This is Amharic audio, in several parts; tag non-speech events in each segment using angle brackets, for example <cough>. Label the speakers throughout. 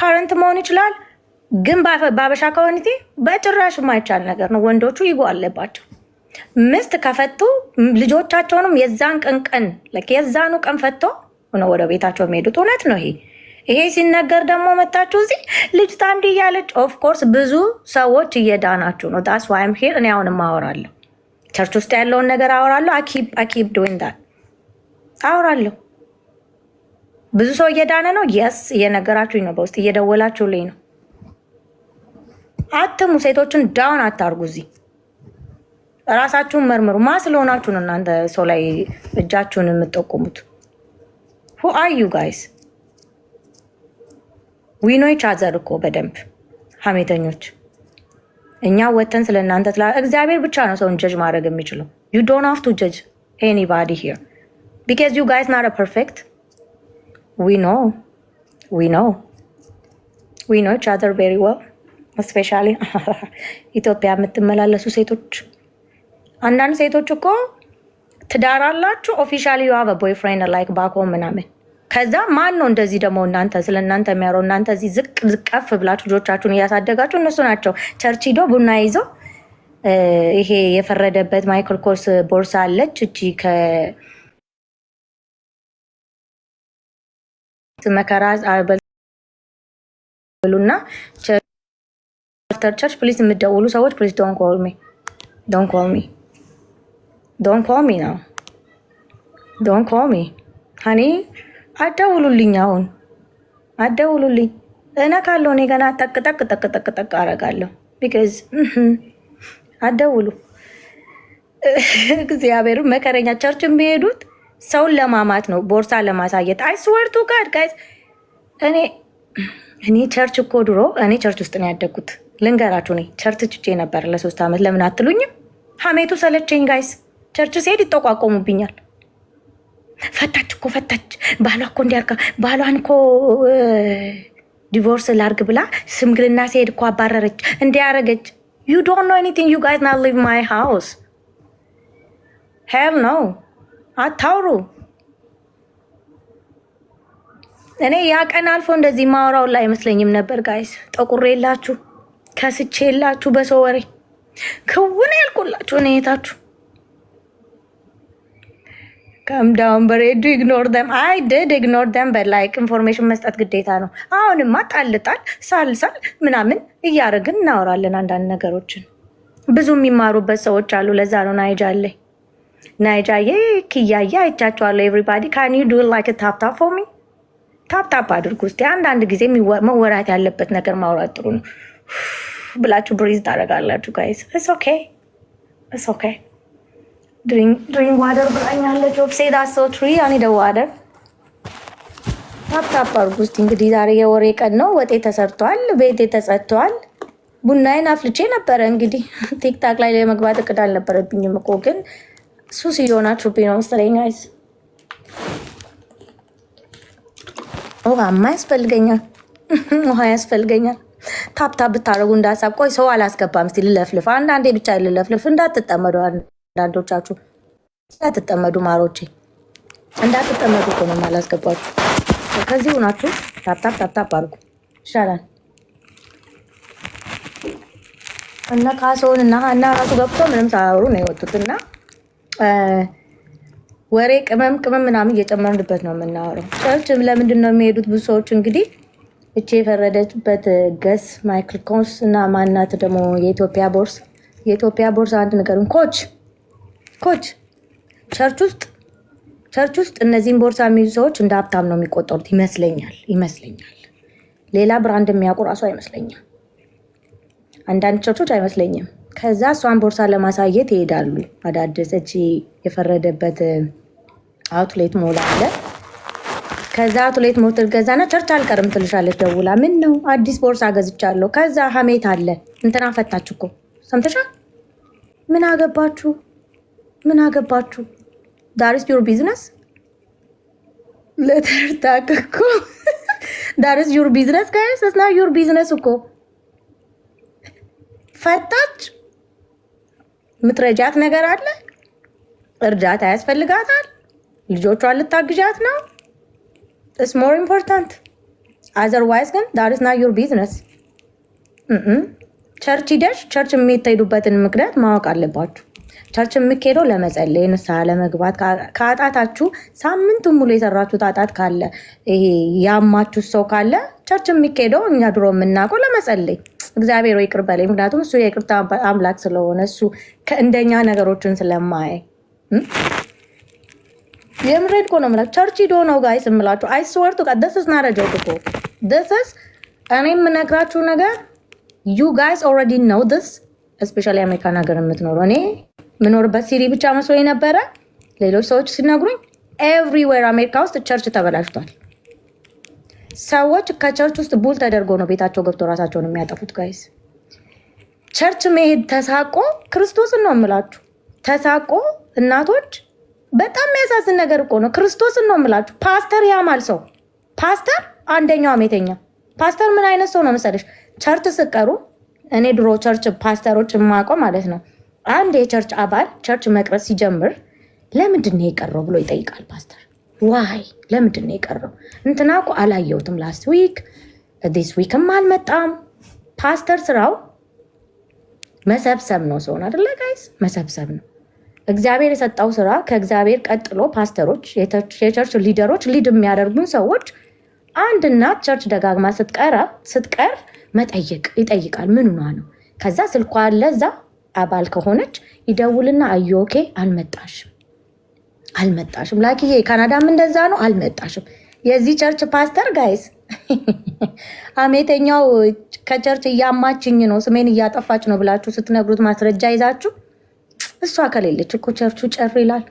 Speaker 1: ፓረንት መሆን ይችላል። ግን በአበሻ ኮሚኒቲ በጭራሽ የማይቻል ነገር ነው። ወንዶቹ ይጎ አለባቸው። ምስት ከፈቱ ልጆቻቸውንም የዛን ቀን ቀን የዛኑ ቀን ፈቶ ነው ወደ ቤታቸው የሚሄዱት። እውነት ነው ይሄ ይሄ ሲነገር ደግሞ መታችሁ እዚህ ልጅቷ እንዲህ እያለች ኦፍኮርስ ብዙ ሰዎች እየዳናችሁ ነው። ዳስ ዋይም ሄር እኔ አሁንም አወራለሁ፣ ቸርች ውስጥ ያለውን ነገር አወራለሁ። አኪብ አኪብ ዶይንዳል አወራለሁ። ብዙ ሰው እየዳነ ነው። የስ እየነገራችሁኝ ነው፣ በውስጥ እየደወላችሁልኝ ነው። አትሙ፣ ሴቶችን ዳውን አታርጉ። እዚህ ራሳችሁን መርምሩ። ማ ስለሆናችሁ ነው እናንተ ሰው ላይ እጃችሁን የምጠቁሙት? ሁ አር ዩ ጋይስ ዊኖች አዘር እኮ በደንብ ሀሜተኞች። እኛ ወተን ስለ እናንተ ስላ እግዚአብሔር ብቻ ነው ሰውን ጀጅ ማድረግ የሚችለው። ዩ ዶንት ሃቭ ቱ ጀጅ ኤኒባዲ ሂር ቢካዝ ዩ ጋይስ ናት ፐርፌክት we know, we know, we know each other very well. ስፔሻሊ <laughs> ኢትዮጵያ የምትመላለሱ ሴቶች፣ አንዳንድ ሴቶች እኮ ትዳር አላችሁ ኦፊሻሊ ዩሃቭ ቦይፍሬንድ ላይክ ባኮ ምናምን። ከዛ ማን ነው እንደዚህ ደግሞ እናንተ ስለ እናንተ የሚያወራው? እናንተ እዚህ ዝቅ ዝቀፍ ብላችሁ ልጆቻችሁን እያሳደጋችሁ እነሱ ናቸው ቸርች ሂዶ ቡና ይዘው ይሄ የፈረደበት ማይክል ኮርስ ቦርሳ አለች እቺ መከራ አበሉና ቸርተር ቸርች ፕሊዝ የምትደውሉ ሰዎች ፕሊዝ ዶን ኮል ሚ ዶን ኮል ሚ ዶን ኮል ሚ ነው ዶን ኮል ሚ ሀኒ አደውሉልኝ፣ አሁን አደውሉልኝ። እነ ካለው እኔ ገና ጠቅ ጠቅ ጠቅ ጠቅ ጠቅ አረጋለሁ። ቢካዝ አደውሉ <laughs> እግዚአብሔርን መከረኛ ቸርች የሚሄዱት ሰውን ለማማት ነው፣ ቦርሳ ለማሳየት። አይ ቱ ጋድ ጋይዝ እኔ እኔ ቸርች እኮ ድሮ እኔ ቸርች ውስጥ ነው ያደግኩት። ልንገራችሁ፣ እኔ ቸርች ችቼ ነበር ለሶስት ዓመት። ለምን አትሉኝም? ሀሜቱ ሰለቸኝ ጋይስ። ቸርች ሲሄድ ይጠቋቆሙብኛል። ፈታች እኮ ፈታች፣ ባሏ እኮ እንዲያርጋ ባሏን እኮ ዲቮርስ ላርግ ብላ ሽምግልና ሲሄድ እኮ አባረረች፣ እንዲያረገች። ዩ ዶንት ኖ ኤኒቲንግ ዩ ጋይዝ ናት ሊቭ ማይ ሃውስ ሄል ነው አታውሩ። እኔ ያ ቀን አልፎ እንደዚህ ማውራውን ላይ አይመስለኝም ነበር። ጋይስ ጠቁር የላችሁ ከስቼ የላችሁ በሰው ወሬ ክውን ያልኩላችሁ እኔ የታችሁ ዳውን በሬዱ ኢግኖር ደም አይ ድድ ኢግኖር ደም በላይክ ኢንፎርሜሽን መስጠት ግዴታ ነው። አሁንማ ጣልጣል ሳልሳል ምናምን እያደረግን እናወራለን አንዳንድ ነገሮችን ብዙ የሚማሩበት ሰዎች አሉ። ለዛ ነው ናይጃለኝ ናይጃዬ ክያዬ አይቻቸዋለሁ። ኤቭሪባዲ ካን ዩ ዱ ላይክ ታፕታፕ ፎር ሚ ታፕታፕ አድርጉ እስኪ። አንዳንድ ጊዜ መወራት ያለበት ነገር ማውራት ጥሩ ነው <sighs> ብላችሁ ብሪዝ ታደርጋላችሁ። ጋይስ ኢትስ ኦኬ ኢትስ ኦኬ። ድሪንክ ዋደር ብላኛለች ኦብሴ ዳት ሶ ትሪ አይ ዋደር። ታፕታፕ አድርጉ እስኪ። እንግዲህ ዛሬ የወሬ ቀን ነው። ወጤ ተሰርቷል፣ ቤቴ ተጸድቷል። ቡናዬን አፍልቼ ነበረ። እንግዲህ <laughs> ቲክታክ ላይ ለመግባት እቅድ አልነበረብኝም እኮ ግን ሱስ እየሆናችሁብኝ ነው መሰለኝ ጋይስ። ውሃማ ያስፈልገኛል፣ ውሃ ያስፈልገኛል። ታፕታፕ ብታደረጉ እንዳሳብ። ቆይ ሰው አላስገባም። እስኪ ልለፍልፍ፣ አንዳንዴ ብቻ ልለፍልፍ። እንዳትጠመዱ፣ አንዳንዶቻችሁ እንዳትጠመዱ፣ ማሮቼ እንዳትጠመዱ እኮ ነው የማላስገባችሁ። ከዚህ ሆናችሁ ታፕታፕ ታፕታፕ አድርጉ ይሻላል። እና ካሰውን እና እና ራሱ ገብቶ ምንም ሳያወሩ ነው የወጡት እና ወሬ ቅመም ቅመም ምናምን እየጨመርንበት ነው የምናወረው። ቸርች ለምንድን ነው የሚሄዱት? ብዙ ሰዎች እንግዲህ እቺ የፈረደችበት ገስ ማይክል ኮንስ እና ማናት ደግሞ የኢትዮጵያ ቦርስ የኢትዮጵያ ቦርስ አንድ ነገር ኮች ኮች ቸርች ውስጥ ቸርች ውስጥ እነዚህን ቦርሳ የሚይዙ ሰዎች እንደ ሀብታም ነው የሚቆጠሩት ይመስለኛል ይመስለኛል። ሌላ ብራንድ የሚያውቁ ራሱ አይመስለኝም። አንዳንድ ቸርቾች አይመስለኝም። ከዛ እሷን ቦርሳ ለማሳየት ይሄዳሉ። አዳዲስ እቺ የፈረደበት አውትሌት ሞል አለ። ከዛ አውትሌት ሞትል ገዛና ቸርች አልቀርም ትልሻለች ደውላ። ምን ነው አዲስ ቦርሳ ገዝቻለሁ። ከዛ ሀሜት አለ እንትና ፈታች እኮ ሰምተሻል። ምን አገባችሁ? ምን አገባችሁ? ዳርስ ዩር ቢዝነስ ለተርታክ እኮ ዳርስ ዩር ቢዝነስ ጋይስ ስና ዩር ቢዝነስ እኮ ፈታች ምትረጃት ነገር አለ? እርዳታ ያስፈልጋታል። ልጆቿን ልታግዣት ነው። ኢትስ ሞር ኢምፖርታንት። አዘርዋይዝ ግን ዳርስ ና ዩር ቢዝነስ። ቸርች ሂደሽ ቸርች የምትሄዱበትን ምክንያት ማወቅ አለባችሁ። ቸርች የምትሄደው ለመጸለይ ንስሐ ለመግባት ከአጣታችሁ ሳምንት ሙሉ የሰራችሁት አጣት ካለ ይሄ ያማችሁ ሰው ካለ ቸርች የሚካሄደው እኛ ድሮ የምናውቀው ለመጸለይ እግዚአብሔር ይቅር በለኝ፣ ምክንያቱም እሱ የይቅርታ አምላክ ስለሆነ እሱ እንደኛ ነገሮችን ስለማያይ የምሬድ እኮ ነው የምላችሁ። ቸርች ሂዶ ነው ጋይስ የምላችሁ። አይስወርቱ ቃ ደሰስ ናረጀው እኮ ደሰስ እኔ የምነግራችሁ ነገር ዩ ጋይስ ኦልሬዲ ነው ስ ስፔሻሊ አሜሪካን ሀገር የምትኖሩ እኔ ምኖርበት ሲሪ ብቻ መስሎ የነበረ ሌሎች ሰዎች ሲነግሩኝ ኤቭሪዌር አሜሪካ ውስጥ ቸርች ተበላሽቷል። ሰዎች ከቸርች ውስጥ ቡል ተደርጎ ነው ቤታቸው ገብቶ ራሳቸውን የሚያጠፉት። ጋይስ ቸርች መሄድ ተሳቆ ክርስቶስን ነው የምላችሁ፣ ተሳቆ እናቶች፣ በጣም የሚያሳዝን ነገር እኮ ነው። ክርስቶስን ነው የምላችሁ። ፓስተር ያማል ሰው ፓስተር አንደኛው አሜተኛ ፓስተር ምን አይነት ሰው ነው መሰለሽ? ቸርች ስቀሩ እኔ ድሮ ቸርች ፓስተሮች የማውቀው ማለት ነው አንድ የቸርች አባል ቸርች መቅረጽ ሲጀምር ለምንድን ነው የቀረው ብሎ ይጠይቃል ፓስተር ዋይ ለምንድን ነው የቀረው እንትና እኮ አላየሁትም ላስት ዊክ ዲስ ዊክም አልመጣም ፓስተር ስራው መሰብሰብ ነው ሰውን አደለ ጋይስ መሰብሰብ ነው እግዚአብሔር የሰጠው ስራ ከእግዚአብሔር ቀጥሎ ፓስተሮች የቸርች ሊደሮች ሊድ የሚያደርጉን ሰዎች አንድ እናት ቸርች ደጋግማ ስትቀር መጠየቅ ይጠይቃል ምንኗ ነው ከዛ ስልኳ አለ እዛ አባል ከሆነች ይደውልና አዮኬ አልመጣሽም አልመጣሽም ላኪዬ ካናዳም እንደዛ ነው። አልመጣሽም። የዚህ ቸርች ፓስተር ጋይስ <laughs> አሜተኛው ከቸርች እያማችኝ ነው ስሜን እያጠፋች ነው ብላችሁ ስትነግሩት ማስረጃ ይዛችሁ እሷ ከሌለች እኮ ቸርቹ ጨር ይላል።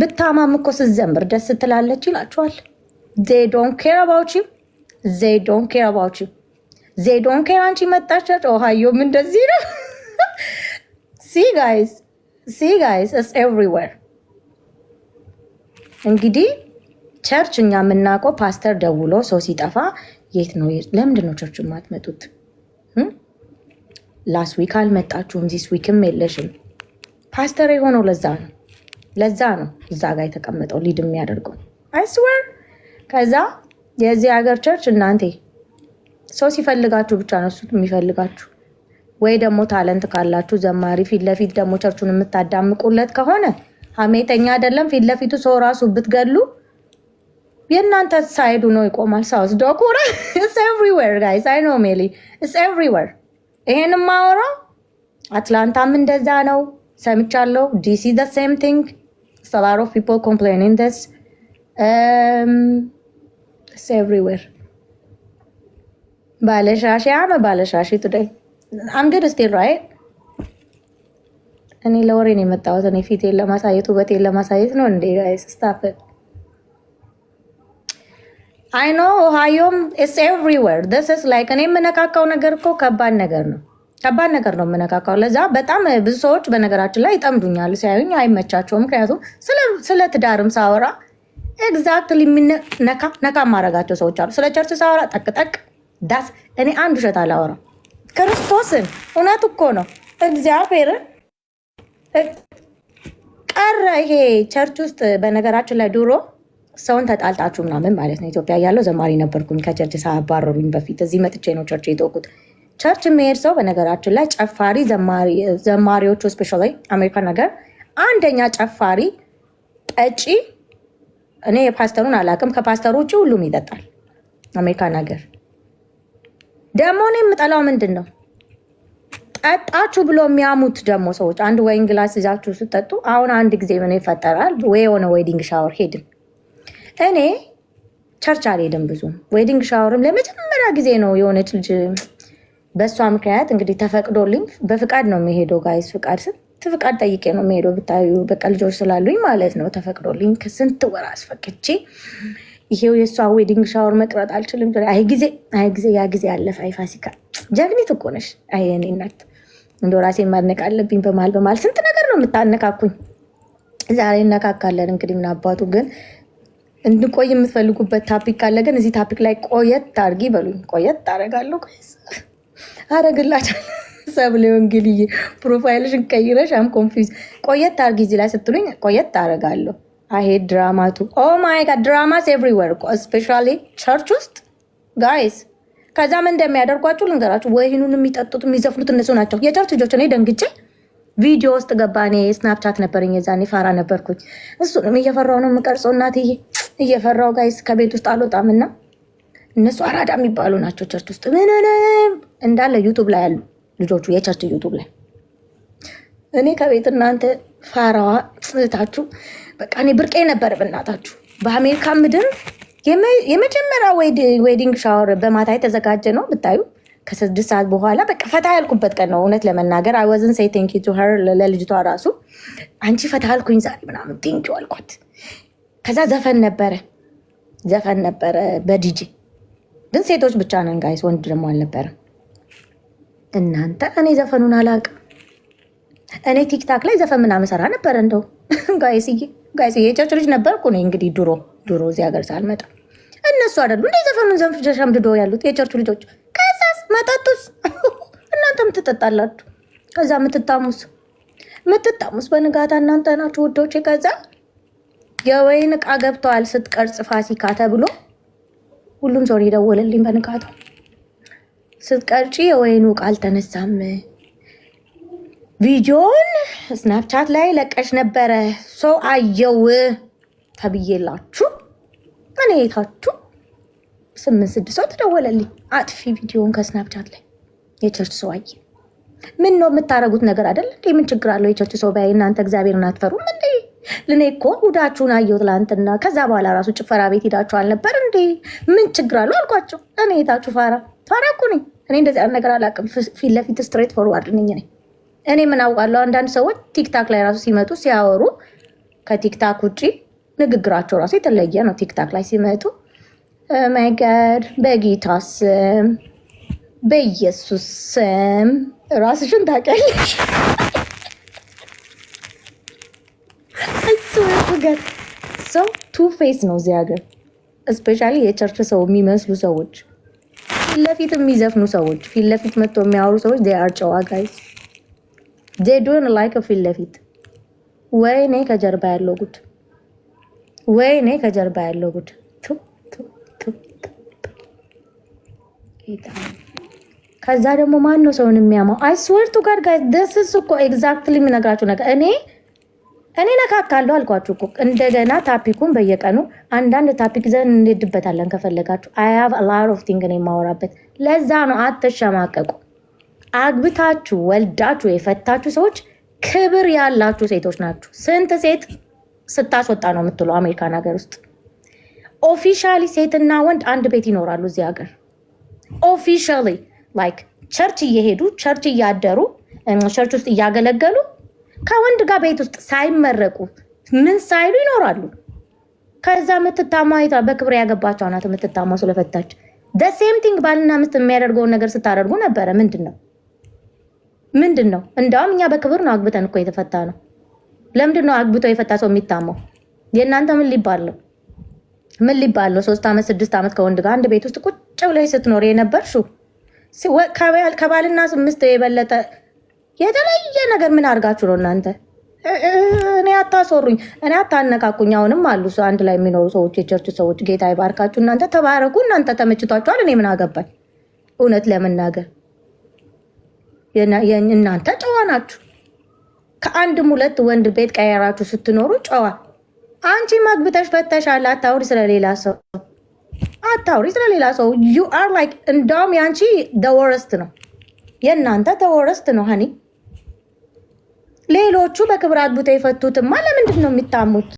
Speaker 1: ብታማም እኮ ስትዘምር ደስ ትላለች ይላችኋል። ዜይ ዶን ኬር ዶን ኬር ዶን ኬር አንቺ መጣች ኦሃዮም እንደዚህ ነው። <laughs> ሲ ጋይስ ሲ ጋይስ ኢትስ ኤቭሪዌር። እንግዲህ ቸርች እኛ የምናውቀው ፓስተር ደውሎ ሰው ሲጠፋ የት ነው? ለምንድን ነው ቸርች የማትመጡት? ላስት ዊክ አልመጣችሁም፣ ዚስ ዊክም የለሽም። ፓስተር የሆነው ለዛ ነው ለዛ ነው እዛ ጋር የተቀመጠው ሊድ የሚያደርገው አይስወር። ከዛ የዚህ ሀገር ቸርች እናንቴ ሰው ሲፈልጋችሁ ብቻ ነው የሚፈልጋችሁ። ወይ ደግሞ ታለንት ካላችሁ ዘማሪ ፊት ለፊት ደግሞ ቸርቹን የምታዳምቁለት ከሆነ ሀሜተኛ አይደለም። ፊት ለፊቱ ሰው ራሱ ብትገሉ የእናንተ ሳይዱ ነው ይቆማል። ሳውስ ዶኩራ ኢትስ ኤቭሪዌር ጋይስ አይ ኖ ሜሊ ኤቭሪዌር። ይሄን ማወራው አትላንታም እንደዛ ነው ሰምቻለሁ። ዲሲ ዘ ሴም ቲንግ ሰላሮ ፒፕል ኮምፕሌኒንግ ስ ኢትስ ኤቭሪዌር ባለሻሺ አመ ባለሻሺ ቱደይ አምገድ ስቴል ራይት እኔ ለወሬ ነው የመጣሁት። እኔ ፊቴን ለማሳየት ውበቴን ለማሳየት ነው እንዴ? ጋይስ ስታፕ አይ ኖ ኦሃዮም ኢትስ ኤቭሪዌር ዲስ ኢዝ ላይክ እኔ የምነካካው ነገር እኮ ከባድ ነገር ነው። ከባድ ነገር ነው የምነካካው። ለዛ በጣም ብዙ ሰዎች በነገራችን ላይ ይጠምዱኛል፣ ሲያዩኝ አይመቻቸውም። ምክንያቱም ስለ ትዳርም ሳወራ ኤግዛክትሊ ነካ ነካ ማድረጋቸው ሰዎች አሉ። ስለ ቸርች ሳወራ ጠቅጠቅ ዳስ እኔ አንድ ውሸት አላወራም። ክርስቶስን እውነት እኮ ነው። እግዚአብሔርን ቀረ ይሄ ቸርች ውስጥ በነገራችን ላይ ድሮ ሰውን ተጣልጣችሁ ምናምን ማለት ነው። ኢትዮጵያ እያለሁ ዘማሪ ነበርኩኝ። ከቸርች ሳያባረሩኝ በፊት እዚህ መጥቼ ነው ቸርች የተወኩት። ቸርች የሚሄድ ሰው በነገራችን ላይ ጨፋሪ ዘማሪዎቹ ስፔሻሊ አሜሪካን ሀገር አንደኛ ጨፋሪ፣ ጠጪ። እኔ የፓስተሩን አላውቅም። ከፓስተሩ ውጭ ሁሉም ይጠጣል አሜሪካን ሀገር ደግሞ እኔ የምጠላው ምንድን ነው ጠጣችሁ ብሎ የሚያሙት ደግሞ ሰዎች አንድ ወይን ግላስ ይዛችሁ ስጠጡ። አሁን አንድ ጊዜ ምን ይፈጠራል ወይ የሆነ ዌዲንግ ሻወር ሄድን። እኔ ቸርች አልሄድም ብዙ ዌዲንግ ሻወርም ለመጀመሪያ ጊዜ ነው የሆነች ልጅ በእሷ ምክንያት እንግዲህ ተፈቅዶልኝ በፍቃድ ነው የሚሄደው። ጋይስ ፍቃድ ስንት ፍቃድ ጠይቄ ነው የሚሄደው ብታዩ፣ በቃ ልጆች ስላሉኝ ማለት ነው። ተፈቅዶልኝ ከስንት ወር አስፈቅቼ ይሄው የእሷ ዌዲንግ ሻወር መቅረጥ አልችልም። አይ ጊዜ አይ ጊዜ ያ ጊዜ አለፈ። አይ ፋሲካ ጀግኒት እኮ ነሽ። አይ እኔ እናት እንደ ራሴ ማድነቅ አለብኝ። በመሀል በመሀል ስንት ነገር ነው የምታነካኩኝ። ዛሬ እነካካለን እንግዲህ ምን አባቱ ግን እንድቆይ የምትፈልጉበት ታፒክ ካለ ግን እዚህ ታፒክ ላይ ቆየት አድርጊ በሉኝ። ቆየት አደርጋለሁ፣ አደርግላችኋለሁ። <laughs> ሰብለ ወንጌልዬ ፕሮፋይልሽን ቀይረሽ አም ኮንፊውዝ ቆየት አድርጊ እዚህ ላይ ስትሉኝ ቆየት አደርጋለሁ። አይ ድራማቱ ድራማ ኦ ማይ ጋድ ድራማስ ኤቭሪዌር እኮ ቸርች ውስጥ ጋይስ። ከዛም ምን እንደሚያደርጓችሁ ልንገራችሁ። ወይኑን የሚጠጡት የሚዘፍኑት እነሱ ናቸው የቸርች ልጆች። እኔ ደንግጬ ቪዲዮ ውስጥ ገባ። እኔ ስናፕቻት ነበረኝ የዛኔ ፋራ ነበርኩኝ። እሱንም እየፈራው ነው የምቀርጸው እናትዬ፣ እየፈራው ጋይስ። ከቤት ውስጥ አልወጣም እና እነሱ አራዳ የሚባሉ ናቸው ቸርች ውስጥ ምንንም እንዳለ ዩቱብ ላይ ያሉ ልጆቹ የቸርች ዩቱብ ላይ እኔ ከቤት እናንተ ፋራዋ ጽታችሁ በቃ እኔ ብርቄ ነበር። በእናታችሁ በአሜሪካ ምድር የመጀመሪያ ዌዲንግ ሻወር በማታ የተዘጋጀ ነው ብታዩ ከስድስት ሰዓት በኋላ በቃ ፈታ ያልኩበት ቀን ነው። እውነት ለመናገር አይወዝን ሴይ ቴንኪ ቱ ሀር ለልጅቷ ራሱ አንቺ ፈታ ያልኩኝ ዛሬ ምናምን ቴንኪ አልኳት። ከዛ ዘፈን ነበረ ዘፈን ነበረ በዲጂ ግን ሴቶች ብቻ ነን ጋይስ፣ ወንድ ደግሞ አልነበረም። እናንተ እኔ ዘፈኑን አላውቅም። እኔ ቲክታክ ላይ ዘፈን ምናምን ሰራ ነበረ እንደው ጋይስዬ <laughs> ጋይስ የጨርጭ ልጅ ነበርኩ እኔ እንግዲህ ድሮ ድሮ እዚህ ሀገር ሳልመጣ እነሱ አይደሉ እንደ ዘፈኑን ዘንፍ ሸምድዶ ያሉት የጨርቹ ልጆች። ከዛስ መጠጡስ <laughs> እናንተ ምትጠጣላችሁ። ከዛ ምትጣሙስ ምትጣሙስ በንጋታ እናንተ ናችሁ ውዶች። ከዛ የወይን እቃ ገብተዋል ስትቀርጽ ፋሲካ ተብሎ ሁሉም ሰው ይደወልልኝ በንጋታው ስትቀርጪ የወይኑ እቃ አልተነሳም ቪዲዮን ስናፕቻት ላይ ለቀሽ ነበረ ሰው አየው ተብዬላችሁ እኔ የታችሁ ስምንት ስድስት ሰው ተደወለልኝ። አጥፊ ቪዲዮን ከስናፕቻት ላይ የቸርች ሰው አየ። ምን ነው የምታደርጉት ነገር አይደል እንዴ? ምን ችግር አለው? የቸርች ሰው ባይ እናንተ እግዚአብሔርን አትፈሩም እንዴ? ልኔ እኮ ሁዳችሁን አየሁ ትላንትና። ከዛ በኋላ ራሱ ጭፈራ ቤት ሄዳችሁ አልነበር እንዴ? ምን ችግር አለው አልኳቸው። እኔ የታችሁ ፋራ ፋራ እኮ ነኝ እኔ። እንደዚህ ነገር አላውቅም። ፊት ለፊት ስትሬት ፎርዋርድ ነኝ ነኝ እኔ ምን አውቃለሁ። አንዳንድ ሰዎች ቲክታክ ላይ ራሱ ሲመጡ ሲያወሩ ከቲክታክ ውጭ ንግግራቸው ራሱ የተለየ ነው። ቲክታክ ላይ ሲመጡ መገድ በጌታ ስም በኢየሱስ ስም ራስሽን ታውቂያለሽ። ሰው ቱ ፌስ ነው እዚህ ሀገር እስፔሻሊ የቸርች ሰው የሚመስሉ ሰዎች፣ ፊትለፊት የሚዘፍኑ ሰዎች፣ ፊትለፊት መጥቶ የሚያወሩ ሰዎች ዴይ አር ጨዋ ጋይስ ዜዶን ላይክ ፊት ለፊት ወይኔ ከጀርባ ያለው ጉድ፣ ወይኔ ከጀርባ ያለው ጉድ። ከዛ ደግሞ ማን ነው ሰውን የሚያማው? አይስወርቱ ጋር ጋር ደስስ እኮ ኤግዛክትሊ የምነግራችሁ ነገር እኔ እኔ ነካካለሁ አልኳችሁ እኮ። እንደገና ታፒኩን በየቀኑ አንዳንድ ታፒክ ዘን እንሄድበታለን ከፈለጋችሁ። አይ ሃቭ አ ላር ኦፍ ቲንግ ነው የማወራበት። ለዛ ነው አትሸማቀቁ። አግብታችሁ ወልዳችሁ የፈታችሁ ሰዎች ክብር ያላችሁ ሴቶች ናችሁ። ስንት ሴት ስታስወጣ ነው የምትለው አሜሪካን ሀገር ውስጥ ኦፊሻሊ ሴትና ወንድ አንድ ቤት ይኖራሉ። እዚህ ሀገር ኦፊሻሊ ላይክ ቸርች እየሄዱ ቸርች እያደሩ ቸርች ውስጥ እያገለገሉ ከወንድ ጋር ቤት ውስጥ ሳይመረቁ ምን ሳይሉ ይኖራሉ። ከዛ የምትታማ በክብር ያገባቸው ናት የምትታማው ስለፈታች። ደሴም ቲንግ ባልና ምስት የሚያደርገውን ነገር ስታደርጉ ነበረ። ምንድን ነው ምንድን ነው? እንዳውም እኛ በክብር ነው አግብተን እኮ የተፈታ ነው። ለምንድን ነው አግብቶ የፈታ ሰው የሚታመው? የእናንተ ምን ሊባል ነው? ምን ሊባል ነው? ሶስት ዓመት ስድስት ዓመት ከወንድ ጋር አንድ ቤት ውስጥ ቁጭ ብለሽ ስትኖር የነበርሽው ከባልና ስምስት የበለጠ የተለየ ነገር ምን አድርጋችሁ ነው እናንተ? እኔ አታሰሩኝ እኔ አታነካኩኝ አሁንም አሉ አንድ ላይ የሚኖሩ ሰዎች፣ የቸርች ሰዎች። ጌታ ይባርካችሁ። እናንተ ተባረኩ። እናንተ ተመችቷችኋል። እኔ ምን አገባኝ እውነት ለመናገር እናንተ ጨዋ ናችሁ። ከአንድም ሁለት ወንድ ቤት ቀየራችሁ ስትኖሩ ጨዋ። አንቺ ማግብተሽ ፈተሻል። አታውሪ ስለሌላ ሰው አታውሪ ስለሌላ ሰው። ዩ አር ላይክ እንዳውም የአንቺ ደወረስት ነው የእናንተ ተወረስት ነው ሀኒ። ሌሎቹ በክብራት ቡታ የፈቱትማ ለምንድን ነው የሚታሙት?